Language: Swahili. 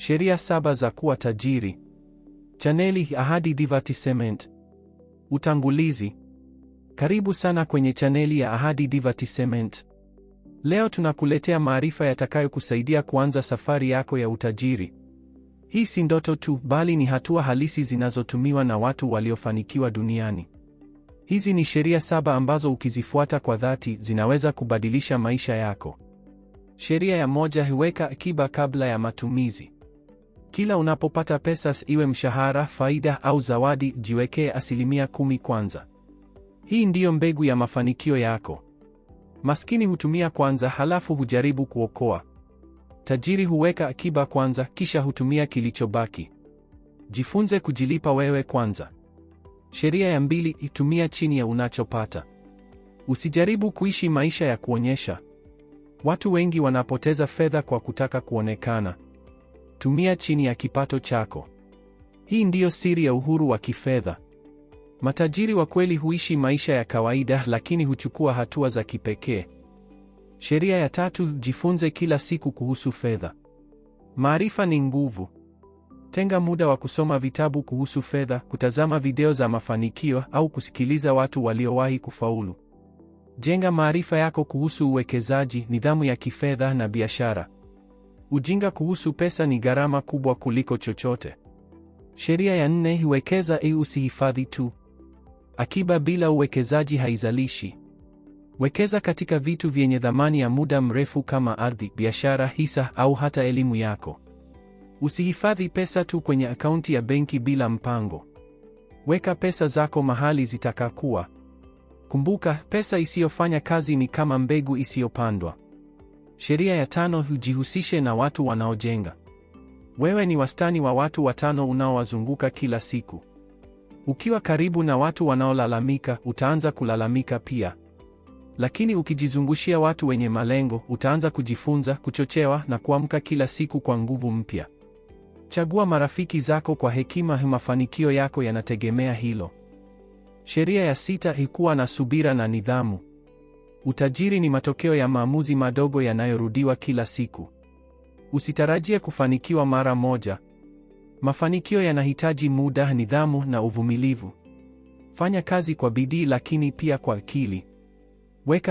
Sheria saba za kuwa tajiri. Chaneli Ahadi Divertisement. Utangulizi. Karibu sana kwenye chaneli ya Ahadi Divertisement. Leo tunakuletea maarifa yatakayokusaidia kuanza safari yako ya utajiri. Hii si ndoto tu, bali ni hatua halisi zinazotumiwa na watu waliofanikiwa duniani. Hizi ni sheria saba ambazo ukizifuata kwa dhati zinaweza kubadilisha maisha yako. Sheria ya moja: weka akiba kabla ya matumizi. Kila unapopata pesa, iwe mshahara, faida au zawadi, jiwekee asilimia kumi kwanza. Hii ndiyo mbegu ya mafanikio yako. Maskini hutumia kwanza, halafu hujaribu kuokoa. Tajiri huweka akiba kwanza, kisha hutumia kilichobaki. Jifunze kujilipa wewe kwanza. Sheria ya mbili: itumia chini ya unachopata. Usijaribu kuishi maisha ya kuonyesha. Watu wengi wanapoteza fedha kwa kutaka kuonekana. Tumia chini ya kipato chako. Hii ndiyo siri ya uhuru wa kifedha. Matajiri wa kweli huishi maisha ya kawaida lakini huchukua hatua za kipekee. Sheria ya tatu, jifunze kila siku kuhusu fedha. Maarifa ni nguvu. Tenga muda wa kusoma vitabu kuhusu fedha, kutazama video za mafanikio au kusikiliza watu waliowahi kufaulu. Jenga maarifa yako kuhusu uwekezaji, nidhamu ya kifedha na biashara. Ujinga kuhusu pesa ni gharama kubwa kuliko chochote. Sheria ya nne: hiwekeza ii usihifadhi tu. Akiba bila uwekezaji haizalishi. Wekeza katika vitu vyenye dhamani ya muda mrefu kama ardhi, biashara, hisa au hata elimu yako. Usihifadhi pesa tu kwenye akaunti ya benki bila mpango. Weka pesa zako mahali zitakakuwa. Kumbuka, pesa isiyofanya kazi ni kama mbegu isiyopandwa. Sheria ya tano hujihusishe na watu wanaojenga. Wewe ni wastani wa watu watano unaowazunguka kila siku. Ukiwa karibu na watu wanaolalamika, utaanza kulalamika pia. Lakini ukijizungushia watu wenye malengo, utaanza kujifunza, kuchochewa na kuamka kila siku kwa nguvu mpya. Chagua marafiki zako kwa hekima, mafanikio yako yanategemea hilo. Sheria ya sita: hikuwa na subira na nidhamu. Utajiri ni matokeo ya maamuzi madogo yanayorudiwa kila siku. Usitarajie kufanikiwa mara moja. Mafanikio yanahitaji muda, nidhamu na uvumilivu. Fanya kazi kwa bidii, lakini pia kwa akili. Weka